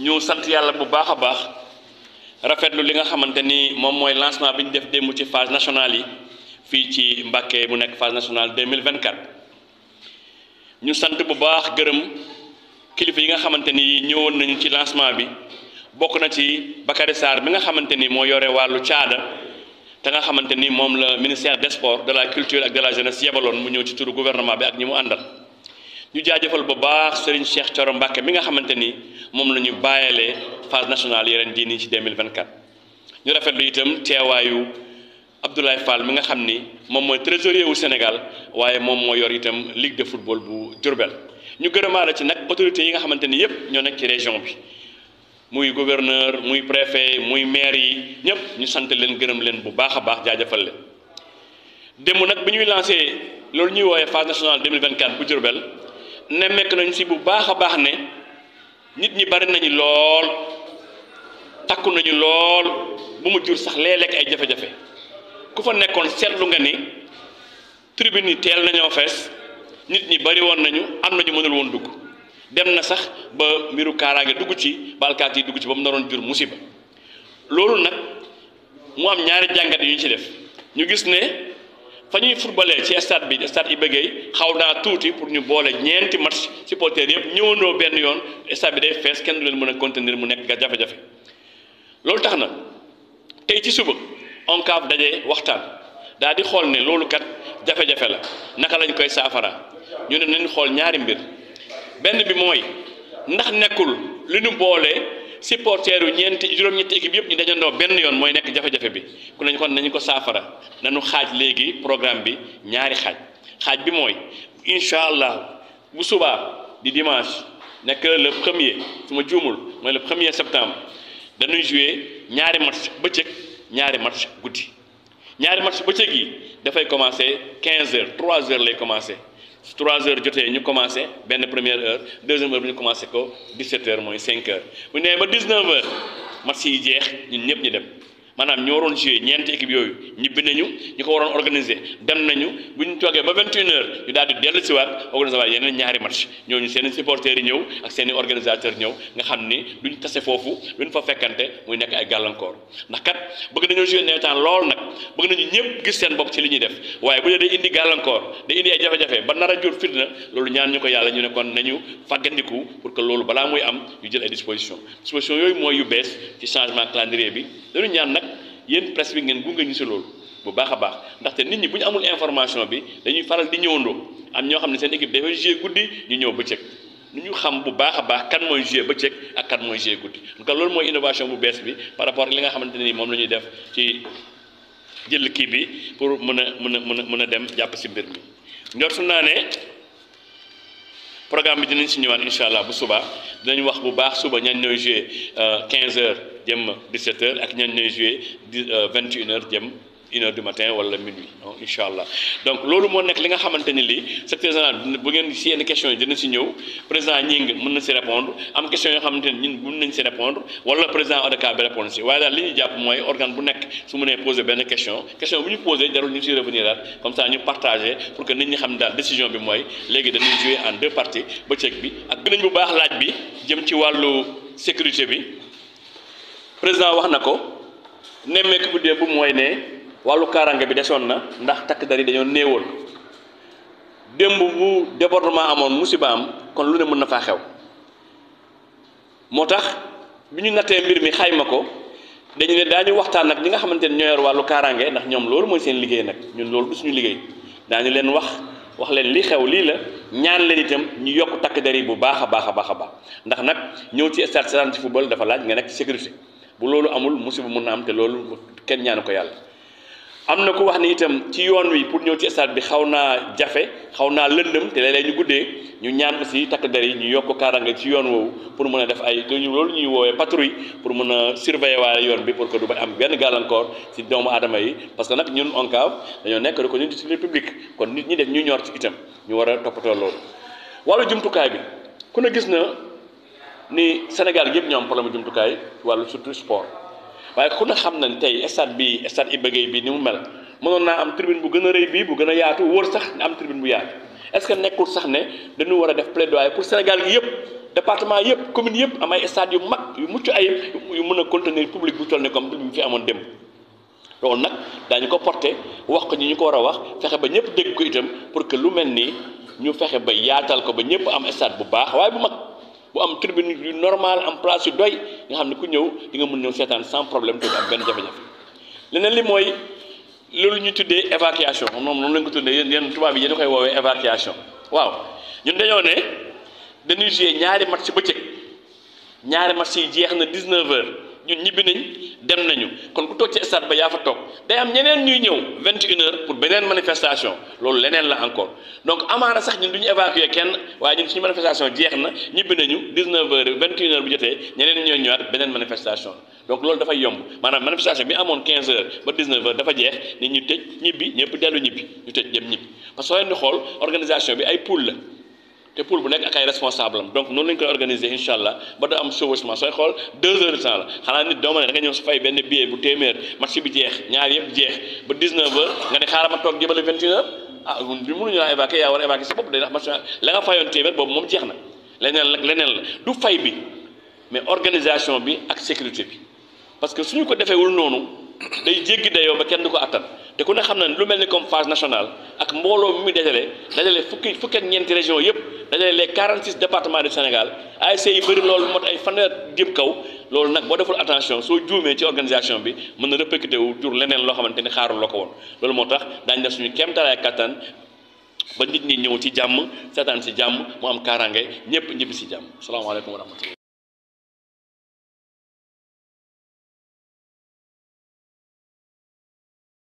ñu sant yàlla bu baax a baax rafetlu li nga xamante ni moom mooy lancement bi ñu def démb ci phase nationale yi fii ci Mbacké mu nekk phase nationale 2024 ñu sant bu baax gërëm kilifa yi nga xamante ni ñëwoon nañu ci lancement bi bokk na ci Bakary Sarr bi nga xamante ni moo yore wàllu caada te nga xamante ni moom la ministère des sports de la culture ak de la jeunesse yebaloon mu ñëw ci turu gouvernement bi ak ñi mu àndal ñu jaajëfal bu baax Serigne Cheikh Thioro Mbacke mi nga xamante ni moom la ñu bàyyalee phase nationale yeneen jii nii ci 2024 ñu lu itam teewaayu Abdoulaye Fall mi nga xam ni moom mooy trésorier wu Sénégal waaye moom moo yor itam ligue de football bu Diourbel ñu gërëmaale ci nag autorités yi nga xamante ni yëpp ñoo nekk ci région bi muy gouverneur muy préfet muy maire yi ñëpp ñu sant leen gërëm leen bu baax a baax jaajëfal leen démb nag bi ñuy lancé loolu ñuy woowee phase nationale 2024 bu Diourbel ne mekk nañ si bu baax a baax ne nit ñi bari nañu lool takku nañu lool bu mu jur sax lee lekk ay jafe-jafe ku fa nekkoon seetlu nga ni tribune yi teel nañoo fees nit ñi bari woon nañu am nañu mënul woon dugg dem na sax ba mbiru kaaraange dugg ci balkaat yi dugg ci ba mu naroon jur musiba loolu nag mu am ñaari jàngat yu ñu ci def ñu gis ne fa ñuy footballee ci stade bi stade Iba Gueye xaw naa tuuti pour ñu boole ñeenti match supporter yëpp ñëwandoo benn yoon stade bi day fees kenn du leen mën a contenir mu nekk nga jafe-jafe loolu tax na tey ci suba ONCAV dajee waxtaan daal di xool ne loolu kat jafe-jafe la naka lañ koy saafara ñu ne nañ xool ñaari mbir benn bi mooy ndax nekkul li ñu boole. supporteurs yu ñeenti juróom-ñetti équipe yëpp ñu dajandoo benn yoon mooy nekk jafe-jafe bi ku nañ kon nañu ko saafara nañu xaaj léegi programme bi ñaari xaaj xaaj bi mooy incha allah bu subaa di dimanche nekk le premier su ma juumul mooy le premier septembre dañuy jouer ñaari match bëccëg ñaari match guddi ñaari match bëccëg yi dafay commencer quinze heures trois heures lay commencer. su 3 heures jotee ñu commencé benn première heure deuxième heure bi ñu commencé ko 17 heures mooy cinq heures bu ñu nee ba 19 heures match yi jeex ñun ñëpp ñu dem. maanaam ñu waroon jouer ñeenti équipe yooyu ñibbi nañu ñi ko waroon organiser dem nañu bu ñu toogee ba 21 heures ñu daal di dellu si waat organiser waat ñaari match ñooñu seen i yi ñëw ak seen i organisateurs ñëw nga xam ni ñu tase foofu duñ fa fekkante muy nekk ay gàllankoor ndax kat bëgg nañoo jouer nawetaan lool nag bëgg nañu ñëpp gis seen bopp ci li ñuy def waaye bu dee day indi gàllankoor day indi ay jafe-jafe ba nara a jur fitna loolu ñaan ñu ko yàlla ñu ne kon nañu fàggandiku pour que loolu balaa muy am ñu jël ay disposition disposition yooyu mooy yu bees ci changement calendrier bi yéen presse bi ngeen gunge ñu si loolu bu baax a baax ndaxte nit ñi bu ñu amul information bi dañuy faral di ñëwandoo am ñoo xam ne seen équipe dafa joué guddi ñu ñëw bëccëg nu ñu xam bu baax a baax kan mooy joué bëccëg ak kan mooy joué guddi donc loolu mooy innovation bu bees bi par rapport ak li nga xamante ni moom la def ci jël kii bi pour mën a mën a mën a mën a dem jàpp si mbir mi njortu naa ne programme bi di dinañ si ñëwaat incha allah bu suba dinañ wax bu baax suba ñan ñooy joué 15 euh, heures. jëm 17h ak ñan ñooy joué di 21h euh, jëm. une heure du matin wala minuit donc incha allah donc loolu moo nekk li nga xamante ni lii secrétaire général bu ngeen yenn questions yi dina si ñëw président ñi ngi mën na si répondre am question yoo xamante ni ñun mën nañ si répondre wala président ODCAV bi répondre si waaye daal li ñu jàpp mooy organe bu nekk su mënee poser benn question question bu ñu posé jarul ñu si revenir daal comme ça ñu partagé pour que nit ñi xam ne daal décision bi mooy léegi dañuy jouer en deux parties bëccëg bi ak gën nañ bu baax laaj bi sécurité bi président wax na ko nemmeeku bu dee bu mooy ne wàllu kaaraange bi desoon na ndax takk dari dañoo néewoon démb bu débordement amoon musiba am kon lu ne mën na faa xew moo tax bi ñu nattee mbir mi xayma ko dañu ne daañu waxtaan ak ñi nga xamante ne ñoo yor wàllu kaaraange ndax ñoom loolu mooy seen liggéey nag ñu loolu suñu liggéey daa daañu leen wax wax leen li xew lii la ñaan leen itam ñu yokk takk der bu baax a baax a baax a baax ndax nag ñëw ci stade seetaan ci dafa laaj nga nekk sécurité bu loolu amul musiba mën na am te loolu kenn ñaanu ko yàlla am na ku wax ni itam ci yoon wi pour ñëw ci stade bi xaw naa jafe xaw naa lëndëm te léeg-léeg ñu guddee ñu ñaan aussi takk der yi ñu yokk kaaraange ci yoon woowu pour mën a def ay loolu ñuy woowee patrouille pour mën a surveiller waale yoon bi pour que du bay am benn gàllankoor ci doomu aadama yi parce que nag ñun ONCAV dañoo nekk di ko ñun discipline publique kon nit ñi def ñu ñor ci itam ñu war a toppatoo loolu ni Sénégal yëpp ñoo am problème jumtukaay wàllu surtout sport waaye ku ne xam na nañ tey stade bi stade Iba Gueye bi ni mu mel mënoon naa am tribune bu gën a rëy bi bu gën a yaatu wóor sax am tribune bu yaatu est-ce que nekkul sax ne dañu war a def plaidoyer pour Sénégal gi yëpp département yëpp commune yëpp am ay stade yu mag yu mucc ayib yu mën a contenir public bu toll ne comme bi fi amoon démb loolu nag daañu ko porter wax ko ñi ñu ko war a wax fexe ba ñëpp dégg ko itam pour que lu mel nii ñu fexe ba yaatal ko ba ñëpp am stade bu baax waaye bu mag. bu am tribune yu normal am place yu doy nga xam ne ku ñëw di nga mun ñëw seetaan sans problème te am benn jafe-jafe leneen li mooy loolu ñu tuddee évacuation moom noonu lañ ko tuddee yéen yéen tubaab yi yéen koy woowee évacuation waaw ñun dañoo ne dañuy jouer ñaari match ci bëccëg ñaari match yi jeex na 19 heures ñun ñibbi nañ dem nañu kon ku toog ci stade ba yaa fa toog day am ñeneen ñuy ñëw vingt une heures pour beneen manifestation loolu leneen la encore donc amaana sax ñun du ñu évacuer kenn waaye ñun suñu manifestation jeex na ñibbi nañu dix neuf heures vingt une heures bu jotee ñeneen ñooy ñëwaat beneen manifestation donc loolu dafay yomb maanaam manifestation bi amoon quinze heures ba dix neuf heures dafa jeex nit ñu tëj ñibbi ñëpp dellu ñibbi ñu tëj dem ñibbi parce que soo xool organisation bi ay poule la te pour bu nekk ak ay responsable am donc noonu la ñu koy organiser incha allah ba da am chevauchement sooy xool deux heures de temps la xanaa nit doo ne da ñëw su fay benn billet bu téeméer match bi jeex ñaar yëpp jeex ba 19 nga ne xaaral ma toog jëbale 21 heures ah, laa évacuer yaa war a évacuer bopp day ndax match la nga fayoon téeméer boobu moom jeex na leneen la du fay bi mais organisation bi ak sécurité bi parce que suñu ko defeewul noonu day jéggi dayoo ba kenn du ko attan te ku ne xam na lu mel ni comme phase nationale ak mbooloo mi muy dajale dajale fukki fukki ak ñeenti région yëpp dajale les 46 départements du Sénégal ASC yi bëri loolu mot ay fanweer jëm kaw loolu nag boo deful attention soo juumee ci organisation bi mën na répercuté wu jur leneen loo xamante ni xaarul ko woon loolu moo tax daañu def suñu kéemtalaay kàttan ba nit ñi ñëw ci jàmm seetaan si jàmm mu am kaaraange ñëpp ñibbi si jàmm salaamaaleykum wa rahmatulah.